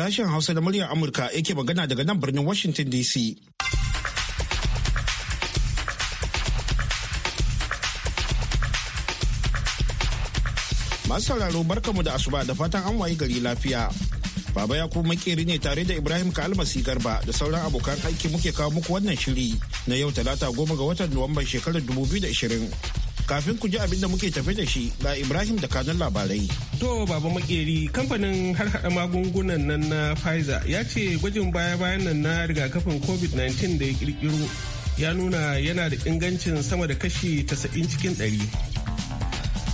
Sashen Hausa da muryar Amurka yake magana daga nan birnin Washington DC. Masu sauraro barkamu da asuba da fatan an wayi gari lafiya. Baba ya kuma makeri ne tare da Ibrahim Kalmasi Garba da sauran abokan aiki muke kawo muku wannan shiri na yau talata goma ga watan Nuwamban shekarar 2020. kafin ku ji abin da muke tafe da shi ga Ibrahim da kanun labarai. To baba makeri kamfanin har hada magungunan nan na Pfizer ya ce gwajin baya-bayan nan na rigakafin COVID-19 da ya kirkiro ya nuna yana da ingancin sama da kashi 90 cikin 100.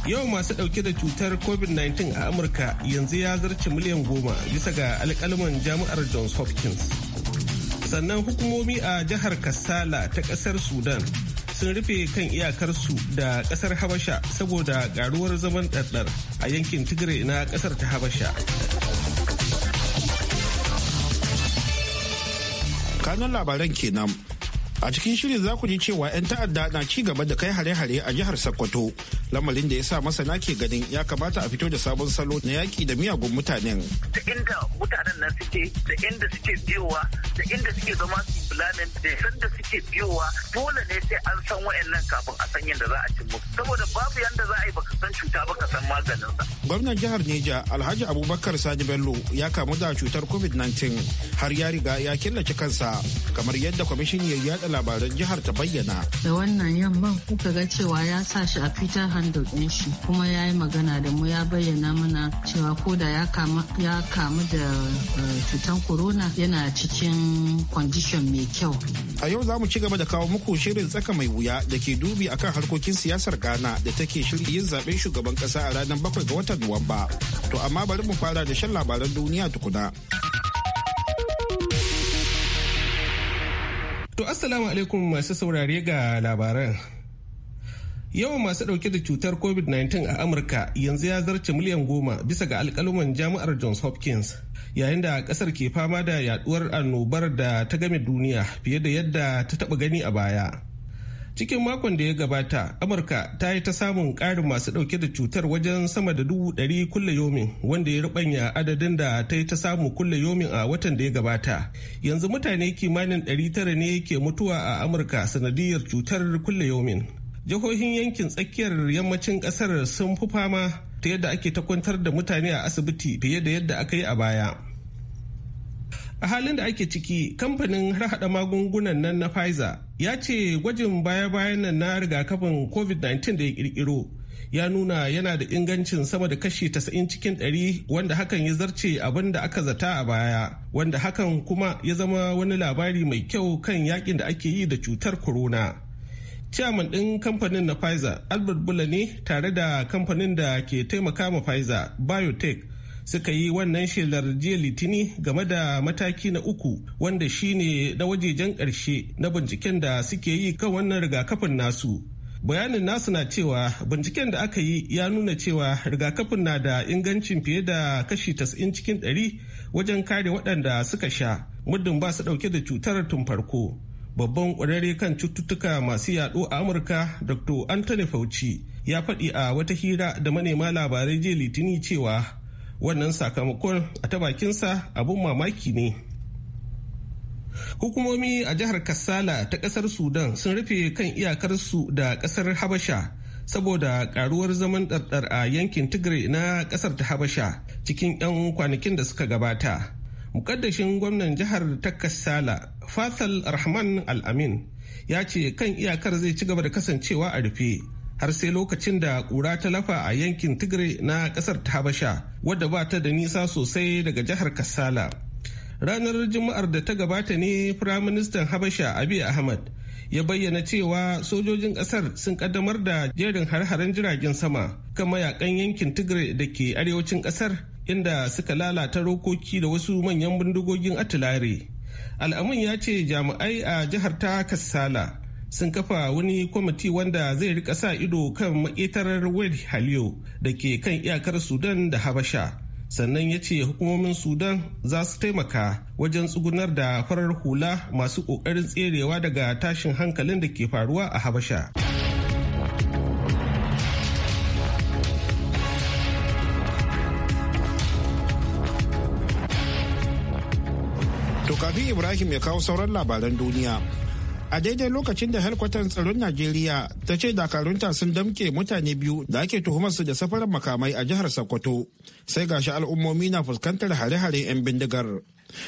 Yau masu ɗauke da cutar COVID-19 a Amurka yanzu ya zarce miliyan goma bisa ga alkalman jami'ar Johns Hopkins. Sannan hukumomi a jihar Kassala ta kasar Sudan sun rufe kan iyakarsu da kasar habasha saboda garuwar zaman ɗarɗar a yankin tigray na kasar ta habasha kanun labaran kenan a cikin shirin za ku ji cewa 'yan ta'adda na ci gaba da kai hare-hare a jihar sokoto lamarin da ya sa masana ke ganin ya kamata a fito da sabon salo na yaki da miyagun mutanen da inda mutanen nan suke da inda suke biyowa da inda suke zama su planning da sanda suke biyowa dole ne sai an san wayannan kafin a san yadda za a ci musu saboda babu yanda za a yi baka san cuta ka san maganin sa gwamnan jihar Neja Alhaji Abubakar Sani Bello ya kamu da cutar COVID-19 har ya riga ya killace kansa kamar yadda kwamishin ya yada labaran jihar ta bayyana da wannan yamman kuka ga cewa ya sa shi a fitar handle din shi kuma ya yi magana da mu ya bayyana mana cewa ko da ya kamu da eh, cutar corona yana cikin condition mai kyau. A yau za mu ci gaba da kawo muku shirin tsaka mai wuya da ke dubi akan harkokin siyasar Ghana da take shirin yin zaben shugaban kasa a ranar bakwai ga watan Nuwamba. To amma bari mu fara da shan labaran duniya tukuna. To assalamu alaikum masu saurare ga labaran. Yawan masu ɗauke da cutar COVID-19 a Amurka yanzu ya zarce miliyan goma bisa ga alkaluman jami'ar Johns Hopkins. yayin da kasar ke fama da yaduwar annobar da ta game duniya fiye da yadda ta taba gani a baya cikin makon da ya gabata amurka ta yi ta samun karin masu dauke da cutar wajen sama da dubu ɗari kulle yomin wanda ya rubanya adadin da ta yi ta samu kulle yomin a watan da ya gabata yanzu mutane kimanin ɗari tara ne ke mutuwa a amurka sanadiyar cutar kulle yomin jihohin yankin tsakiyar yammacin kasar sun fi fama ta yadda ake ta kwantar da mutane a asibiti fiye da yadda aka yi a baya a halin da ake ciki kamfanin harhaɗa magungunan nan na pfizer ya ce gwajin baya-bayan nan na rigakafin covid-19 da ya kirkiro ya nuna yana da ingancin sama da kashi 90 cikin 100 wanda hakan ya zarce abin da aka zata a baya wanda hakan kuma ya zama wani labari mai kyau kan yakin da ake yi da cutar corona Ciyaman ɗin kamfanin na Pfizer, Albert Bula ne tare da kamfanin da ke taimaka ma Pfizer, Biotech, suka yi wannan shelar jiya litini game da mataki na uku wanda shine na wajejen ƙarshe na binciken da suke yi kan wannan rigakafin nasu. Bayanin nasu na cewa binciken da aka yi ya nuna cewa rigakafin na da ingancin fiye da kashi 90 cikin 100 wajen kare waɗanda suka sha muddin ba su ɗauke da cutar tun farko. babban ƙwararre kan cututtuka masu yaɗo a amurka dr anthony fauci ya faɗi a wata hira da manema labarai jiya litini cewa wannan sakamakon a ta bakinsa abun mamaki ne hukumomi a jihar kassala ta kasar sudan sun rufe kan iyakarsu da kasar habasha saboda karuwar zaman ɗarɗar a yankin tigray na kasar ta habasha cikin 'yan kwanakin da suka gabata mukaddashin gwamnan jihar takassala Fasal rahman al-amin ya ce kan iyakar zai ci gaba da kasancewa a rufe har sai lokacin da kura ta lafa a yankin tigray na kasar habasha wadda ba ta da nisa sosai daga jihar kassala ranar juma'ar da ta gabata ne firaministan habasha abiy ahmad ya bayyana cewa sojojin kasar sun kaddamar da jerin har-haren jiragen sama kan mayakan yankin tigray da ke arewacin kasar inda suka lalata rokoki da wasu manyan bindigogin atilare al'amun ya ce jami'ai a jihar ta kassala sun kafa wani kwamiti wanda zai rika sa ido kan maƙetarar wed halio da ke kan iyakar sudan da habasha sannan ya ce hukumomin sudan za su taimaka wajen tsugunar da farar hula masu ƙoƙarin tserewa daga tashin hankalin da ke faruwa a habasha. kafin Ibrahim ya kawo sauran labaran duniya. A daidai lokacin da helkwatan tsaron Najeriya ta ce dakarunta sun damke mutane biyu da ake su da safarar makamai a jihar Sokoto. Sai gashi al'ummomi na fuskantar hare-hare 'yan bindigar.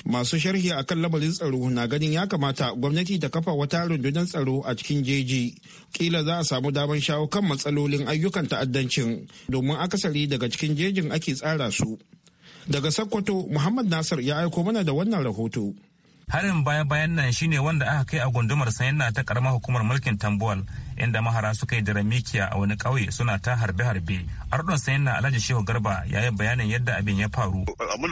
Masu sharhi a kan lamarin tsaro na ganin ya kamata gwamnati ta kafa wata rundunar tsaro a cikin jeji. Kila za a samu damar shawo kan matsalolin ayyukan ta'addancin domin akasari daga cikin jejin ake tsara su. Daga Sokoto, Muhammad Nasir ya aiko mana da wannan rahoto. harin baya-bayan nan shine wanda aka kai a gundumar na ta karamar hukumar mulkin tambuwal inda mahara suka yi da mikiya a wani ƙauye suna ta harbe-harbe ardon na alhaji shehu garba ya yi bayanin yadda abin ya faru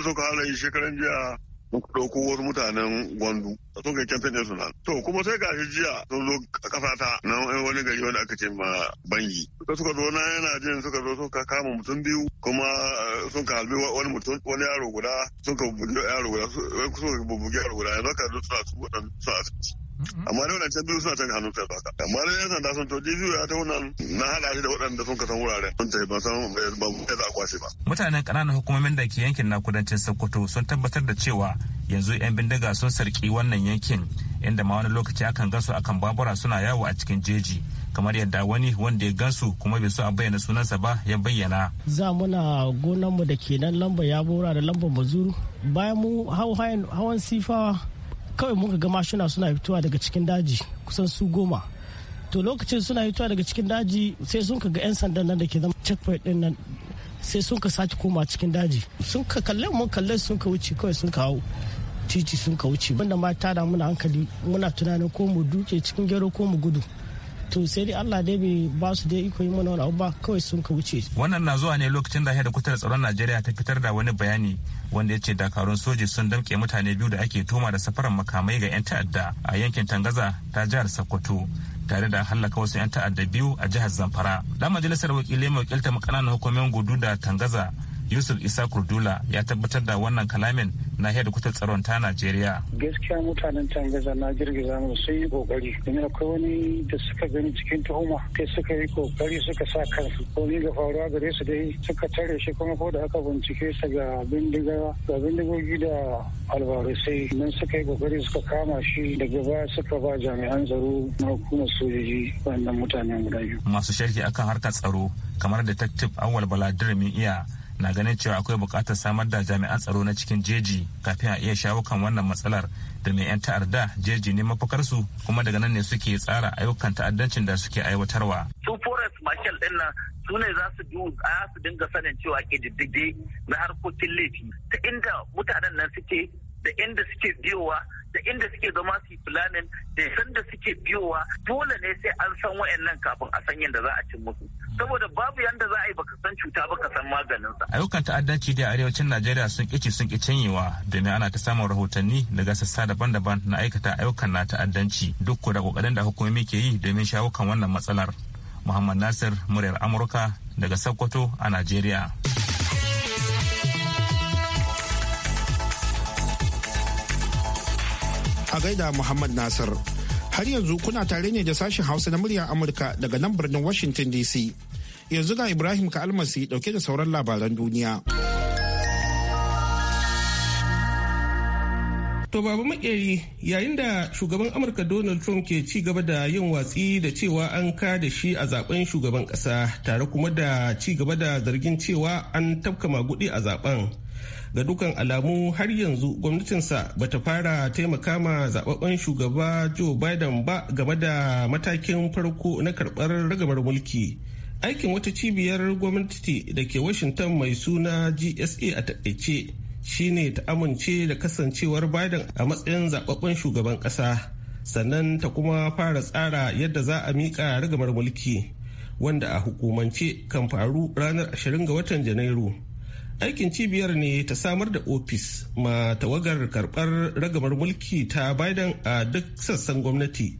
suka shekaran jiya ɗaukowar mutanen gwandu a sun kai kyantar su nan. To kuma sai ga jiya sun zo a ƙasa ta nan wani gari wanda aka ce ma bangi. Suka suka zo na yana jin suka zo suka kama mutum biyu kuma eh, sun ka halbi wani mutum wani yaro guda sun ka bubuge yaro guda sun ka bubuge yaro guda yanzu ka zo suna su waɗanda suna asibiti. amma da wannan biyu suna can hannun sai baka amma da yan sanda sun toji biyu ya ta wannan na hada shi da waɗanda sun kasan wuraren sun ta ban san ba mu za a kwashe ba mutanen ƙananan hukumomin da ke yankin na kudancin Sokoto sun tabbatar da cewa yanzu yan bindiga sun sarki wannan yankin inda ma wani lokaci akan gasu akan babura suna yawo a cikin jeji kamar yadda wani wanda ya gansu kuma bai so a bayyana sunansa ba ya bayyana. Za muna gonanmu da ke nan lamba ya bora da lamba mazuru bayan mu hawan sifawa kawai muka ga mashina suna fitowa daga cikin daji kusan su goma to lokacin suna fitowa daga cikin daji sai sun ka ga 'yan sandan nan da ke zama checkpoint din nan sai sun ka sace koma cikin daji sun ka kalle mun kalle sun ka wuce kawai sun hau titi sun ka wuce banda ma da muna hankali muna tunanin ko mu duke cikin gero ko mu gudu to sai dai Allah dai bai ba su dai iko yi mana wani abu ba kawai sun ka wuce wannan na zuwa ne lokacin da da kutar tsaron Najeriya ta fitar da wani bayani wanda ya ce dakarun soji sun damke mutane biyu da ake toma da safaran makamai ga 'yan ta'adda a yankin Tangaza ta jihar Sokoto tare da hallaka wasu 'yan ta'adda biyu a jihar Zamfara. Dan majalisar wakilai mai wakiltar kananan hukumar gudu da Tangaza yusuf isa kurdula ya tabbatar da wannan kalamin na kutar tsaron ta najeriya gaskiya mutanen tangaza na girgiza mu sun yi kokari ina akwai wani da suka gani cikin tuhuma kai suka yi kokari suka sa kansu komai ga faruwa gare su dai suka tare shi kuma ko da aka bincike sa ga bindiga ga bindigogi da albarusai nan suka yi kokari suka kama shi daga baya suka ba jami'an tsaro na hukumar sojoji wannan mutanen guda biyu masu sharhi akan harkar tsaro kamar detective awal baladir iya na ganin cewa akwai bukatar samar da jami'an tsaro na cikin jeji kafin a iya shawo kan wannan matsalar da mai 'yan ta'adda jeji ne mafakarsu kuma daga nan ne suke tsara ayyukan ta'addancin da suke aiwatarwa. su forest marshal din nan su ne za su dinga sanin cewa ƙididdige na harkokin laifi ta inda mutanen nan suke da inda suke biyowa da inda suke zama su yi planning da sanda suke biyowa dole ne sai an san wayannan kafin a san yadda za a cin musu saboda babu yanda za a yi baka san cuta ba ka san maganinsa. Ayyukan ta'addanci da arewacin Najeriya sun kici sun ki canyewa domin ana ta samun rahotanni daga sassa daban-daban na aikata ayyukan na ta'addanci duk da kokarin da hukumomi ke yi domin shawo kan wannan matsalar. Muhammad Nasir muryar Amurka daga Sokoto a Najeriya. A gaida Muhammad Nasir Har yanzu kuna tare ne da sashen Hausa na muryar Amurka daga nan birnin Washington DC. Yanzu ga Ibrahim ka almasi dauke da sauran labaran duniya. To babu makeri yayin da shugaban Amurka Donald Trump ke ci gaba da yin watsi da cewa an ka da shi a zaben shugaban kasa tare kuma da ci gaba da zargin cewa an tabka magudi a zaben. ga dukan alamu har yanzu gwamnatinsa bata fara taimaka ma zababben shugaba joe biden ba game da matakin farko na karbar ragamar mulki aikin wata cibiyar gwamnati da ke washington mai suna gsa a takaice shine ta amince da kasancewar biden a matsayin zababben shugaban ƙasa sannan ta kuma fara tsara yadda za a miƙa ragamar mulki wanda a hukumance kan faru ranar 20 ga watan janairu aikin cibiyar ne ta samar da ofis ma tawagar karbar ragamar mulki ta biden a duk sassan gwamnati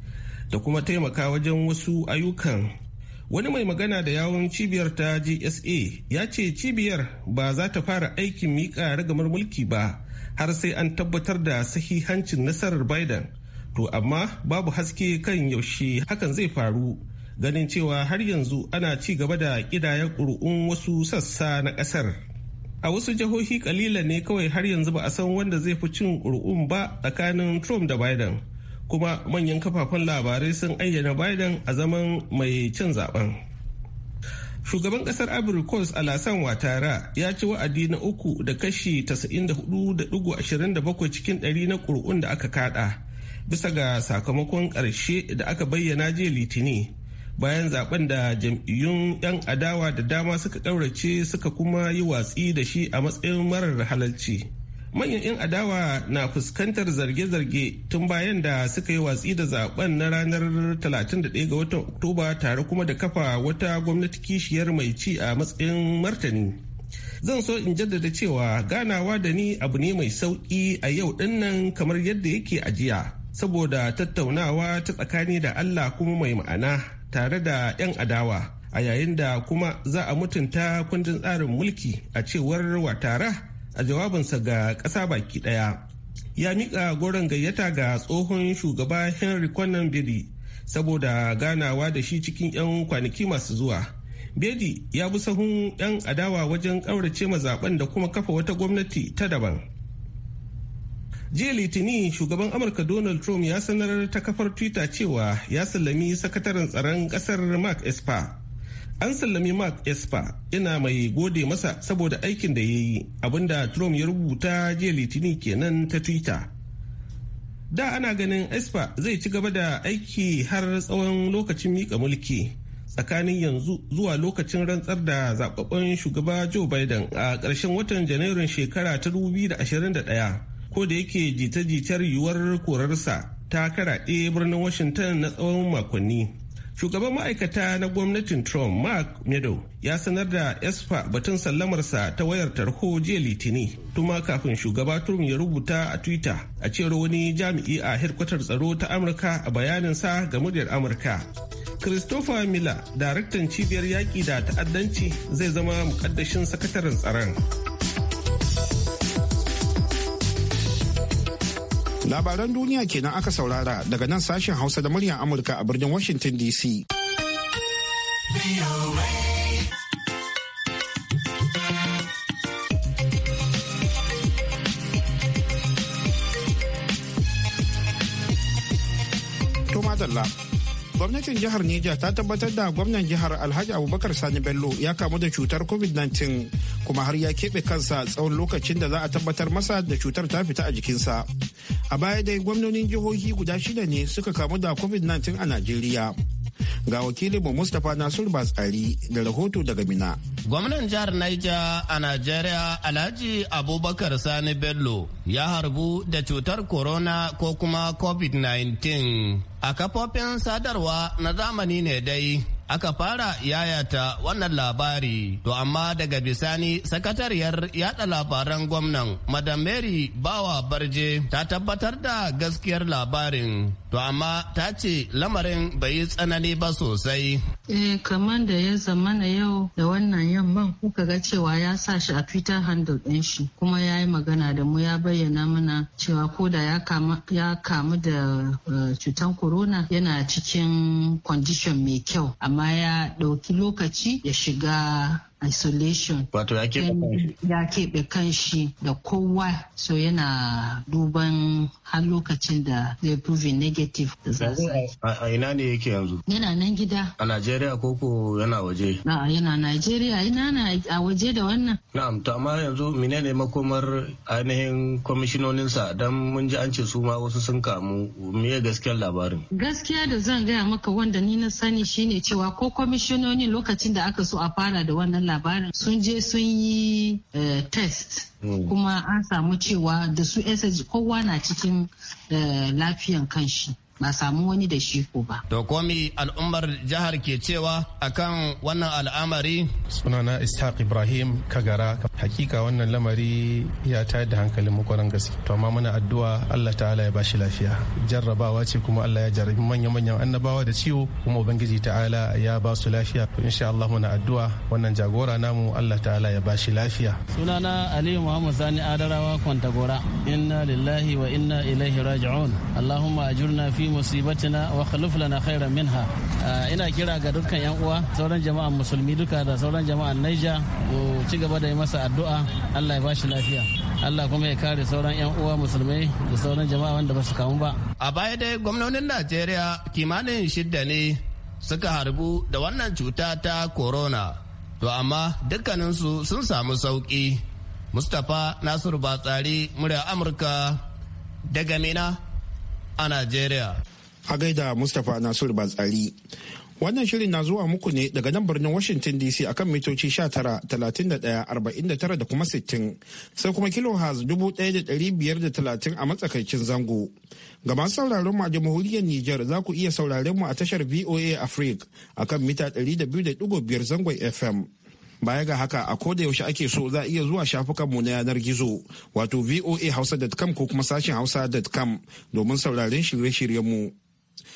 da kuma taimaka wajen wasu ayyukan wani mai magana da yawon cibiyar ta gsa ya ce cibiyar ba za ta fara aikin miƙa ragamar mulki ba har sai an tabbatar da sahihancin nasarar biden to amma babu haske kan yaushe hakan zai faru ganin cewa har yanzu ana ci gaba da ƙidayen ƙuri'un wasu sassa na ƙasar. a wasu jihohi kalila ne kawai har yanzu ba a san wanda zai fi cin ƙuri'un ba tsakanin trump da biden kuma manyan kafafen labarai sun ayyana biden a zaman mai cin zaben shugaban kasar abirikos a alasan watara ya ci wa'adi na uku da kashi 94.27 cikin 100 na ƙuri'un da aka kada bisa ga sakamakon ƙarshe da aka bayyana jiya litini bayan zaben da jam'iyyun 'yan adawa da dama suka ɗaurace suka kuma yi watsi da shi a matsayin marar halalci manyan 'yan adawa na fuskantar zarge-zarge tun bayan da suka yi watsi da zaben na ranar 31 ga watan oktoba tare kuma da kafa wata gwamnati kishiyar mai ci a matsayin martani zan so in jaddada cewa ganawa da ni abu ne mai sauƙi a yau dinnan kamar yadda yake ajiya saboda tattaunawa ta tsakani da allah kuma mai ma'ana tare da 'yan adawa a yayin da kuma za a mutunta kundin tsarin mulki a cewar watara a jawabinsa ga ƙasa baki ɗaya ya miƙa goron gayyata ga tsohon shugaba henry kwanan biri saboda ganawa da shi cikin 'yan kwanaki masu zuwa bedi ya bi sahun 'yan adawa wajen ƙaurace mazaɓen da kuma kafa wata gwamnati ta daban jiya litinin shugaban amurka donald trump ya sanar ta kafar twitter cewa ya sallami sakataren tsaron kasar mark esper an sallami mark esper yana mai gode masa saboda aikin da ya yi abinda trump ya rubuta jiya litini kenan ta twitter da ana ganin esper zai ci gaba da aiki har tsawon lokacin mika mulki tsakanin yanzu zuwa lokacin rantsar da zababben shugaba joe biden a ƙarshen watan janairun shekara ta 2021 ko da yake jita-jitar yiwuwar korarsa ta karaɗe birnin washington na tsawon makonni shugaban ma'aikata na gwamnatin trump mark meadow ya sanar da esfa batun sallamarsa ta wayar tarho jiya litini tuma kafin shugaba trump ya rubuta a twitter a cewar wani jami'i a hirkwatar tsaro ta amurka a bayaninsa ga muryar amurka christopher miller daraktan cibiyar yaƙi da ta'addanci zai zama mukaddashin sakataren tsaron Labaran duniya kenan aka saurara daga nan sashen Hausa da muryar Amurka a birnin Washington DC. Tumadalla. gwamnatin jihar Neja ta tabbatar da gwamnan jihar Alhaji Abubakar Sani Bello ya kamu da cutar COVID-19 kuma har ya keɓe kansa tsawon lokacin da za a tabbatar masa da cutar ta fita a jikinsa. A baya dai gwamnonin jihohi guda shida ne suka kamu da COVID-19 a Najeriya. ga wakilinmu mustapha nasir batsari da rahoto daga mina gwamnan jihar naija a najeriya alhaji abubakar sani bello ya harbu da cutar corona ko kuma covid-19 a kafofin sadarwa na zamani ne dai aka fara yayata wannan labari to amma daga bisani sakatariyar yada labaran gwamnan madam mary bawa barje ta tabbatar da gaskiyar labarin to amma ta ce lamarin bai yi tsanani ba sosai eh kamar da ya zamana yau da wannan yamman kuka ga cewa ya sa shi a twitter handle ɗin shi kuma ya yi magana da mu ya bayyana mana cewa ko da ya kamu da eh, cutar corona yana cikin condition mai kyau amma ya ɗauki lokaci ya shiga isolation wato ya keɓe kanshi da kowa so yana duban har lokacin da zai prove negative da za a ina ne yake yanzu yana nan gida a najeriya ko ko yana waje na yana najeriya ina na a waje da wannan na'am to amma yanzu menene makomar ainihin kwamishinoninsa dan mun ji an ce su ma wasu sun kamu me gaskiyar labarin gaskiya da zan gaya maka wanda ni na sani shine cewa ko kwamishinonin lokacin da aka so a fara da wannan labarin sun je sun yi eh, test hmm. kuma an samu cewa da su kowa na cikin eh, lafiyan kanshi ba samu wani da shi ko ba. To komi al'ummar jihar ke cewa akan wannan al'amari? Sunana Ishaq Ibrahim Kagara. Hakika wannan lamari ya tayar da hankalin makwaran gaske. To amma muna addu'a Allah ta'ala ya bashi lafiya. Jarrabawa ce kuma Allah ya jarrabi manya-manyan annabawa da ciwo kuma Ubangiji ta'ala ya ba su lafiya. To insha Allah muna addu'a wannan jagora namu Allah ta'ala ya bashi lafiya. Sunana Ali Muhammad Sani Adarawa Kwantagora. Inna lillahi wa inna ilaihi raji'un. Allahumma ajurna fi musibatina wa khalif lana khairan minha ah, ina kira ga dukkan yan uwa sauran jama'an musulmi duka da sauran jama'an Naija ku ci gaba da yi masa addu'a Allah ya bashi lafiya Allah kuma ya kare sauran yan uwa musulmai da sauran jama'a wanda ba su kamu ba a baya dai gwamnonin Najeriya kimanin shidda ne suka harbu da wannan cuta ta corona to amma dukkaninsu sun samu sauki mustapha nasiru batsari murya amurka daga mina a Najeriya. A gaida Mustapha Nasiru Batsari. Wannan shirin na zuwa muku ne daga nan birnin Washington DC akan mitoci 19,39 da kuma 60 sai kuma kilohaz 1,530 a matsakaicin zango. Ga masu sauraron mu a jamhuriyar Nijar za ku iya sauraron mu a tashar VOA Africa akan mita 200.5 zangon FM. Baya ga haka a koda yaushe ake so za a iya zuwa shafukanmu na yanar gizo wato voahausa.com ko kuma sashen hausa.com domin sauraren shirye-shiryenmu.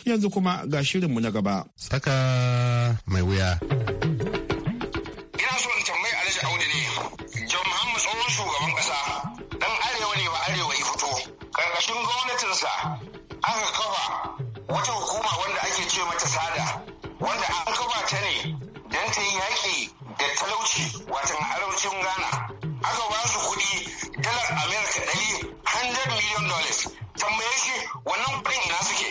Yanzu kuma ga shirinmu na gaba. Tsaka mai wuya. Ina so in tambayi Alhaji Audu ne, John Muhammad tsohon shugaban ƙasa, ɗan arewa ne ba arewa ya fito, ƙarƙashin gwamnatinsa aka kafa wata tambaye shi wannan kuɗin ina suke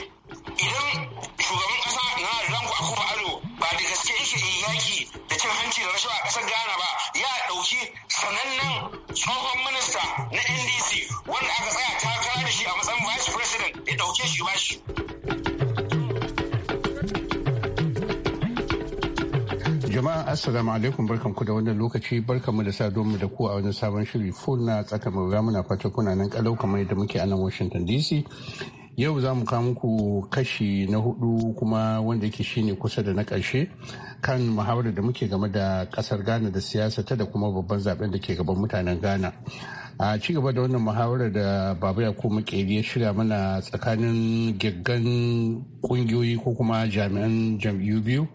idan shugaban ƙasa na ranku a kuma ado ba da gaske yake yi yaki da cin hanci da rashawa a ƙasar ghana ba ya ɗauki sanannen tsohon minista na ndc wanda aka tsaya takara da shi a matsayin vice president ya ɗauke shi ba shi Jama'a Assalamu alaikum ku da wannan lokaci barkanmu da sa mu da ku a wani sabon shiri full na tsaka mai muna fata kuna nan kalau kamar yadda muke a nan Washington DC. Yau za mu kawo muku kashi na hudu kuma wanda yake shine kusa da na karshe kan muhawarar da muke game da kasar Ghana da siyasa ta da kuma babban zaben da ke gaban mutanen Ghana. A ci gaba da wannan muhawarar da babu ya koma Makeri ya shirya mana tsakanin gaggan kungiyoyi ko kuma jami'an jam'iyyu biyu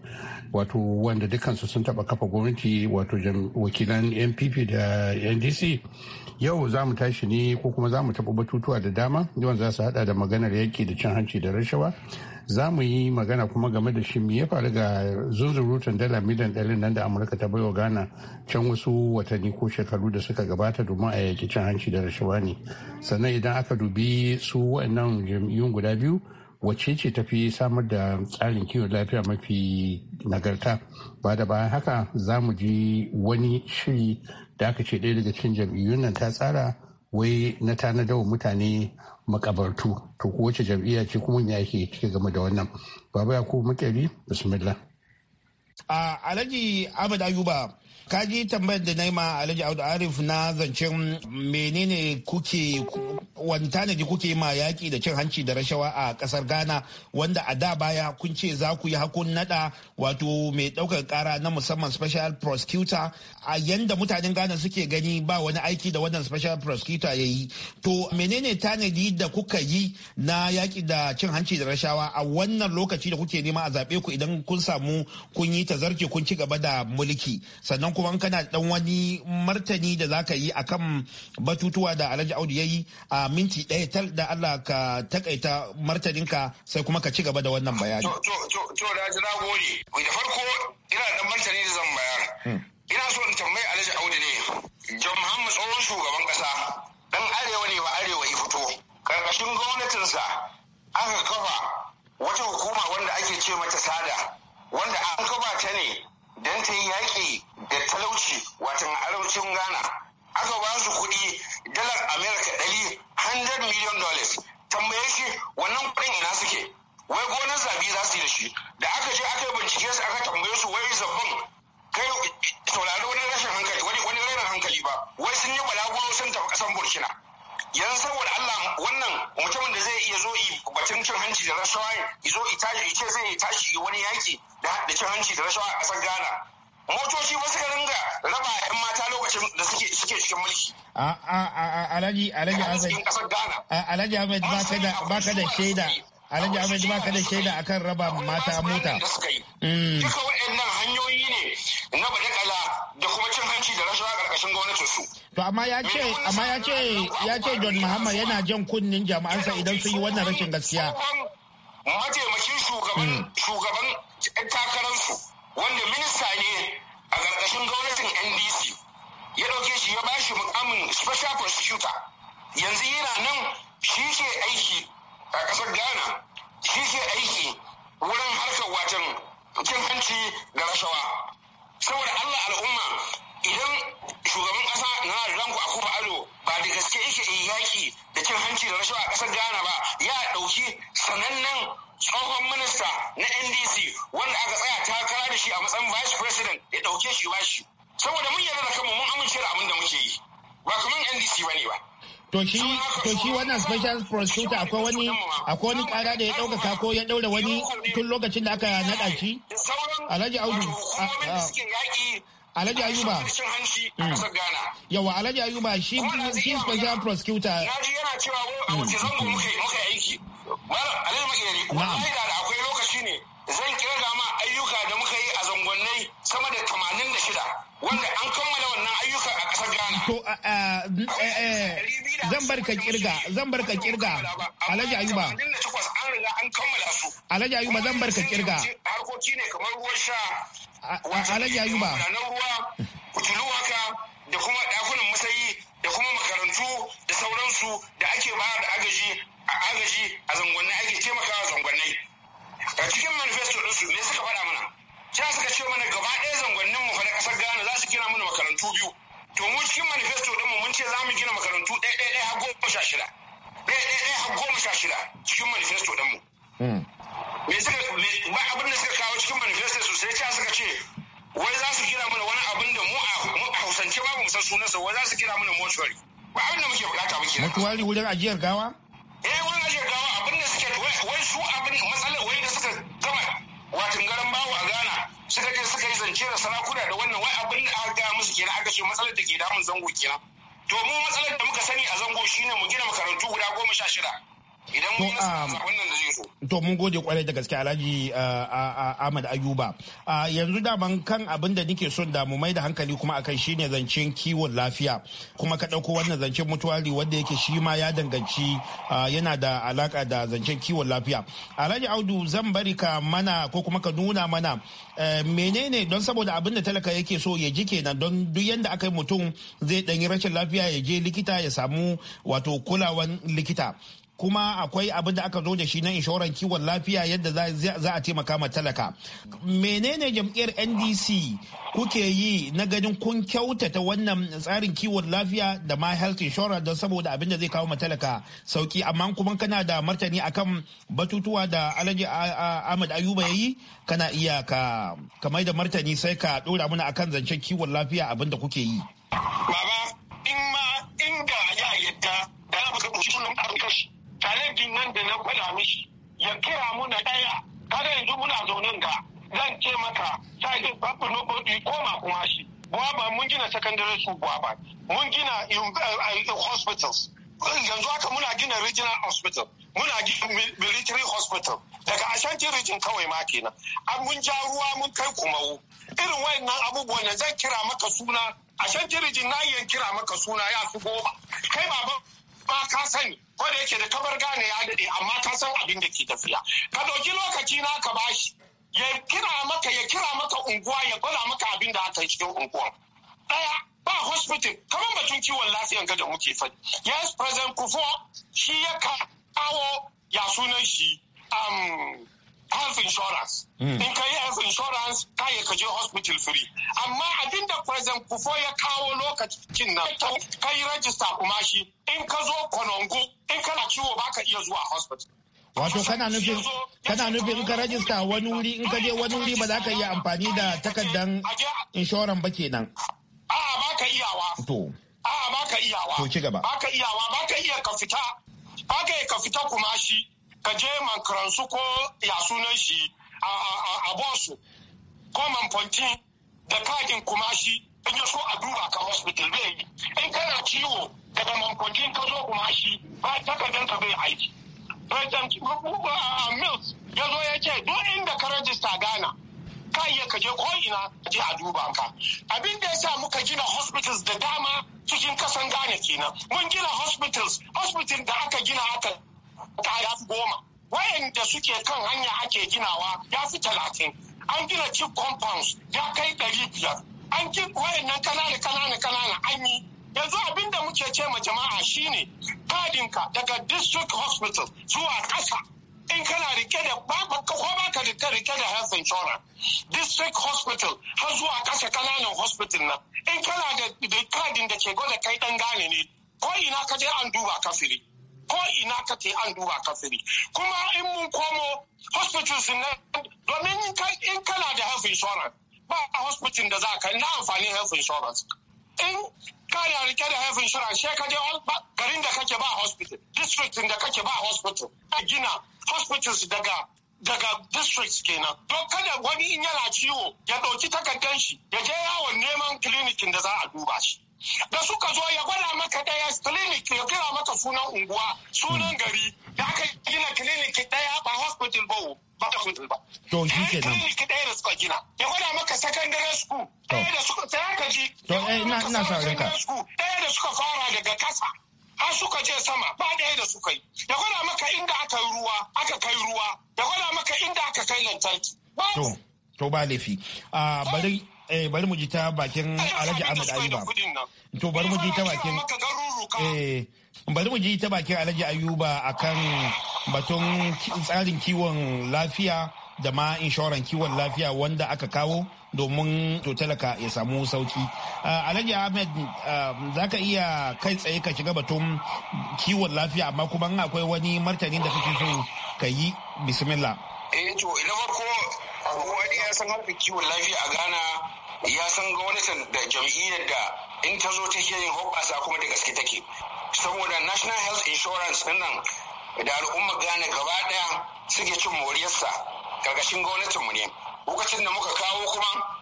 wato wanda dukansu sun taɓa kafa gwamnati wato wakilan npp da ndc yau za mu tashi ne ko kuma za mu taɓa batutuwa da dama yawan za su haɗa da maganar yaki da cin hanci da rashawa za mu yi magana kuma game da shi ya faru ga zunzurutun dala miliyan ɗari nan da amurka ta baiwa ghana can wasu watanni ko shekaru da suka gabata domin a yaki cin hanci da rashawa ne sannan idan aka dubi su wa'annan jam'iyyun guda biyu wacce ce tafi samar da tsarin kiwon lafiya mafi nagarta ba da bayan haka za mu ji wani shiri da aka ce ɗaya daga cikin jam'iyyun nan ta tsara wai na tanadar mutane makabartu to ko wacce jam'iyya ce kuma ya ke cike game da wannan baba ya ku makari bismillah a alhaji ahmad ayuba ka ji tambayar da naima alhaji audu arif na zancen menene kuke wani tanadi kuke ma yaki da cin hanci da rashawa a kasar ghana wanda a da baya kun ce za ku yi hakun nada wato mai ɗaukar kara na musamman special prosecutor a yanda mutanen ghana suke gani ba wani aiki da wannan special prosecutor ya yi to menene tanadi da kuka yi na yaki da cin hanci da rashawa a wannan lokaci da kuke nema a zaɓe ku idan kun samu kun yi tazarce kun ci gaba da mulki sannan sannan kuma in kana dan wani martani da za ka yi a kan batutuwa da Alhaji Audu ya yi a minti ɗaya tal da Allah ka takaita martaninka sai kuma ka ci gaba da wannan bayani. To da ji nagode. Da farko ina dan martani da zan bayar. Hmm. Ina so in tambayi Alhaji Audu ne. John Muhammad tsohon shugaban kasa dan arewa ne ba arewa ya fito. Karkashin gwamnatinsa aka kafa wata hukuma wanda ake ce mata sada wanda an kafa ta ne don ta yi yaƙi da talauci watan arancin ghana aka ba su kuɗi dalar america ɗari 100 million dollars tambaye shi wannan kuɗin ina suke wai gonar zabi za su yi da shi da aka je aka yi bincike su aka tambaye su wai zabbin kai saurari wani rashin hankali wani wani rainin hankali ba wai sun yi balaguro sun tafi ƙasan burkina yanzu saboda Allah wannan mutumin da zai iya zo yi batun cin hanci da rashawa ya zo ya ce zai tashi wani yaki da cin hanci da rashawa a ƙasar ghana motoci ba suka ringa raba yan mata lokacin da suke suke cikin mulki a a a alhaji ahmed alhaji ahmed baka da da shaida alhaji ahmed ka da shaida akan raba mata mota mm. duka waɗannan hanyoyi ne na badakala da kuma cin hanci da rashawa ƙarƙashin gwamnatin su to amma ya ce amma ya ce ya ce John Muhammad yana jan kunnin jama'ansa idan sun yi wannan rashin gaskiya mataimakin shugaban mm. shugaban ɗan takararsu wanda minista ne a ƙarƙashin gwamnatin ndc ya ɗauke shi ya bashi mukamin special prosecutor yanzu yana nan shi ke aiki a ƙasar ghana shi ke aiki wurin harkar watan cin hanci da rashawa saboda allah al'umma idan shugaban ƙasa na ranku a kuma ado ba da gaske yake yaki da cin hanci da rashawa a ƙasar ghana ba ya ɗauki sanannen tsohon minista na ndc wanda aka tsaya takara da shi a matsayin vice president ya dauke shi ba shi saboda mun yarda da kanmu mun amince da abin da muke yi ba kamar ndc ba ne ba to shi to shi wannan special prosecutor akwai wani akwai wani kara da ya ka ko ya ɗaura wani tun lokacin da aka nada shi alhaji audu Alhaji Ayuba. Hmm. Yawa Alhaji Ayuba shi shi special prosecutor. yana cewa wai a hmm. wace zango muke Malam Alhaji Makeri, wallahi da akwai lokaci ne zan kirga ma ayyuka da muka yi a zangonnai sama da tamanin da shida wanda an kammala wannan ayyuka a ƙasar Ghana. To eh, eh, zan bar ka kirga zan bar ka kirga Alhaji Ayuba. an riga an kammala su. Alhaji Ayuba zan bar ka kirga. Harkoki ne kamar ruwan sha. Alhaji Ayuba. ruwa, kutulu haka da kuma dakunan masayi da kuma makarantu da sauransu da ake bayar da agaji a agaji a zangonni ake taimakawa zangonni a cikin manifesto ɗinsu ne suka faɗa mana sai suka ce mana gaba ɗaya zangonnin mu fara ƙasar Ghana za su gina mana makarantu biyu to mu cikin manifesto ɗin mu mun ce za mu gina makarantu ɗaya ɗaya ɗaya har goma sha shida ɗaya ɗaya ɗaya har goma sha shida cikin manifesto ɗin mu. Hmm. Me suka ba abin da suka kawo cikin manifesto su sai ta suka ce wai za su gina mana wani abin da mu a Hausance babu mu san sunansa wai za su gina mana mortuary ba abin da muke bukata muke. Mortuary wurin ajiyar gawa? shi matsalar da ke damun zango kenan. To mu matsalar da muka sani a zango shine mu gina makarantu guda goma sha shida. Um, to mun gode kwarai da gaske Alhaji uh, uh, uh, Ahmad Ayuba yanzu daman kan abin da nike son da mu mai da hankali kuma akan shine zancen kiwon lafiya kuma ka ɗauko wannan zancen mutuwari wanda yake shi ma ya danganci yana da alaka da zancen kiwon lafiya Alhaji Audu zan bari ka mana ko kuma ka nuna mana eh, menene don saboda abin da talaka yake so ya ji kenan don duk yanda aka yi mutum zai ɗanyi rashin lafiya ya je likita ya samu wato kulawan likita kuma akwai abin da aka zo da shi na inshoran kiwon lafiya yadda za a taimaka ma talaka menene jam'iyyar ndc kuke yi na ganin kun kyautata wannan tsarin kiwon lafiya da ma health insurance don saboda abin da zai kawo ma talaka sauki amma kuma kana da martani akan batutuwa da alhaji ahmad ayuba ya yi kana iya ka kamar da martani sai ka dora mana akan zancen kiwon lafiya abin da kuke yi baba in ma inda ya yadda da ya sunan abin talibin nan da na kwada mishi ya kira muna ɗaya kada yanzu muna zaunin ga zan ce maka sai babu nobodi koma kuma shi buwaba mun gina secondary school buwaba mun gina um, eh, eh, hospitals yanzu haka muna gina regional hospital muna gina military hospital daga ashanti region kawai ma kenan an mun ja ruwa mun kai kumawu. irin wayannan abubuwan da zan kira maka suna ashanti region na iya kira maka suna ya su goma kai ba ba ka sani ko da yake da kabar gane ya daɗe amma ka san abin da ke tafiya ka ɗauki lokaci na ka bashi ya kira maka ya kira maka unguwa ya gwada maka abin da aka yi cikin unguwa ɗaya ba hospital kamar batun kiwon lafiyan ga da muke faɗi yes president kufo shi ya kawo ya sunan shi um, health insurance mm. in ka yi health insurance ka yi kaje hospital free amma abin da president kufo ya kawo lokacin nan ka yi register kuma shi in ka zo konongo in kana ciwo ba ka iya zuwa hospital wato kana nufin kana nufin ka rajista wani wuri in ka je wani wuri ba za ka iya amfani da takardan inshoran ba kenan a ba ka iyawa to a ba ka iyawa to ci gaba ba ka iyawa ba ka iya ka fita ba ka iya ka fita kuma shi ka je mankaransu ko ya sunan shi a bosu ko manfontin da kuma kumashi in ya so a duba ka hospital bai yi in kana ciwo daga manfontin ka zo kumashi ba takardar ka bai aiki president uh, uh, mills ya zo ya ce duk inda ka rajista gana ka iya ka je ko ina je a duba ka abin da ya sa muka gina hospitals da dama cikin kasan gane kenan mun gina hospitals hospital da aka gina aka ta ya fi goma wayanda suke kan hanya ake ginawa ya fi talatin an gina chief compounds ya kai ɗari biyar an ki wayannan kanana kanana kanana anyi yanzu abin da muke ce ma jama'a shine kadinka daga district hospital zuwa ƙasa in kana rike da babu ko baka rike rike da health insurance district hospital har zuwa ƙasa kananan hospital na in kana da kadin da ke gwada kai dan gane ne ko ina ka je an duba ka fili ko ina ka ce an duba ka siri kuma in mun komo hospitals nan domin in kana da health insurance ba a hospital da za ka na amfani health insurance in kana rike da health insurance sai ka je garin da kake ba hospital district da kake ba hospital gina hospitals daga daga districts kenan don kada wani in yana ciwo ya ɗauki takardar shi ya je yawon neman clinic da za a duba shi da suka zo ya gwada maka daya clinic ya kira maka sunan unguwa sunan hmm. gari da aka gina clinic daya ba hospital ba ba hospital ba to shi ke clinic daya da suka gina ya gwada maka secondary school daya da suka tsaya ka ji to eh ina ina saurare ka daya da suka fara daga kasa har suka je sama ba ɗaya da suka yi ya gwada maka inda aka yi ruwa aka kai ruwa ya gwada maka inda aka kai lantarki to to ba laifi a ah, bari eh bari mu ji ta bakin eh, Alhaji Ahmad Ayuba to bari mu ji ta eh, bakin eh bari mu ji ta bakin Alhaji Ayuba akan batun tsarin kiwon lafiya da ma inshoran kiwon lafiya wanda aka kawo domin to talaka ya samu sauki ah, alhaji ahmed ah, za ka iya kai tsaye ka shiga batun kiwon lafiya amma kuma akwai wani martani da kake so ka yi bismillah eh to na farko Wani ya san harkar kiwon lafiya a Ghana ya san gwamnatin da jam'iyyar da in ta zo ta yin hoɓasa kuma da gaske take saboda national health insurance din nan da al'umma gane gaba daya suke cin moriyarsa karkashin mu ne lokacin da muka kawo kuma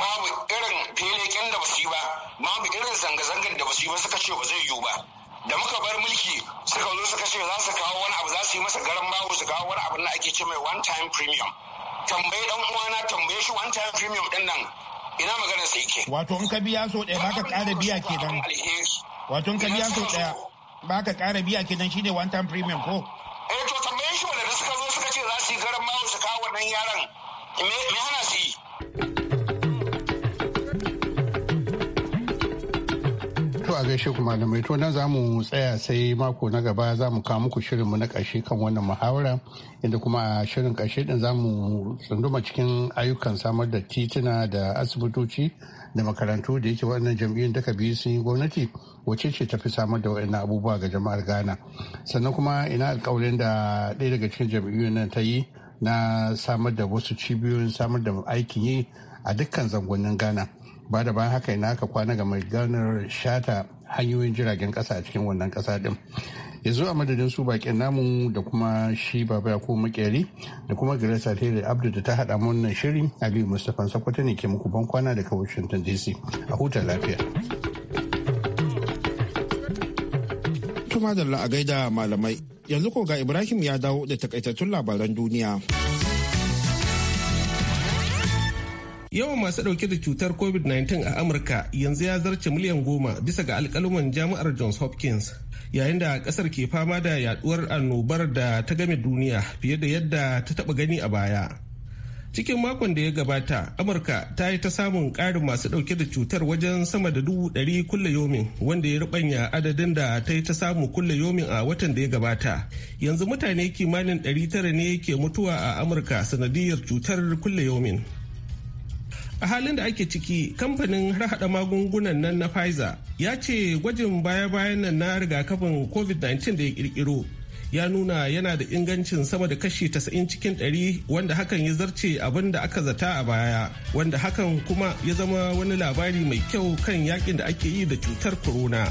babu irin felekin da basu yi ba babu irin zanga-zangar da basu yi ba suka ce ba zai yiwu ba da muka bar mulki suka zo suka ce za su kawo wani abu za su yi masa garan babu su kawo wani abu na ake ce mai one time premium tambaye dan uwana tambaye shi one time premium din nan ina magana sai ke wato in ka biya so ɗaya baka ƙara biya dan wato in ka biya so ɗaya baka ƙara biya kenan shine one time premium ko eh to tambaye shi wanda suka zo suka ce za su yi garan mawo su kawo wannan yaran me hana su a gaishe ku malamai to nan za mu tsaya sai mako na gaba za mu kawo muku shirinmu na ƙarshe kan wannan muhawara inda kuma a shirin ƙarshe din za mu tsunduma cikin ayyukan samar da tituna da asibitoci da makarantu da yake wannan jam'iyyun daga biyu sun yi gwamnati wacce ce tafi samar da wa'annan abubuwa ga jama'ar Ghana sannan kuma ina alƙawarin da ɗaya daga cikin jam'iyyun nan ta yi na samar da wasu cibiyoyin samar da aikin yi a dukkan zangonin Ghana. ba da bayan haka ina aka kwana ga mai ganar shata hanyoyin jiragen kasa a cikin wannan kasa din yanzu a madadin su bakin namu da kuma shi baba ya ko makeri da kuma grace alheri abdu da ta haɗa wannan shiri aliyu mustapha sakwata ne ke muku ban kwana daga washington dc a huta lafiya kuma da a gaida malamai yanzu ko ga ibrahim ya dawo da takaitattun labaran duniya. Yawan masu ɗauke da cutar COVID-19 a Amurka yanzu ya zarce miliyan goma bisa ga alkaluman jami'ar Johns Hopkins. Yayin da ƙasar ke fama da yaduwar annobar da ta game duniya fiye da yadda ta taba gani a baya. Cikin makon da ya gabata, Amurka ta yi ta samun karin masu ɗauke da cutar wajen sama da dubu dari kulle yomin wanda ya rubanya adadin da ta yi ta samu kulle yomin a watan da ya gabata. Yanzu mutane kimanin ɗari tara ne ke mutuwa a Amurka sanadiyar cutar kulle yomin. a halin da ake ciki kamfanin harhaɗa magungunan nan na pfizer ya ce gwajin baya-bayan nan na rigakafin covid-19 da ya kirkiro ya nuna yana da ingancin sama da kashi 90 cikin 100 wanda hakan ya zarce abin da aka zata a baya wanda hakan kuma ya zama wani labari mai kyau kan yakin da ake yi da cutar corona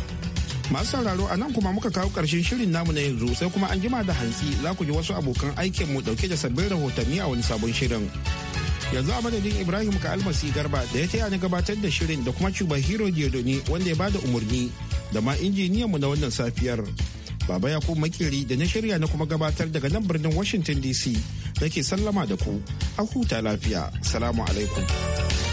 masu sauraro a nan kuma muka kawo karshen shirin namu na yanzu sai kuma an jima da hantsi za ku ji wasu abokan aikinmu dauke da sabbin rahotanni a wani sabon shirin yanzu a madadin ibrahim ka almasi garba da ya taya na gabatar da shirin da kuma cuba hero diodoni wanda ya bada umarni da ma injiniyanmu na wannan safiyar baba ya kuma makiri da na shirya na kuma gabatar daga nan birnin washington dc da ke sallama da ku a huta lafiya salamu alaikum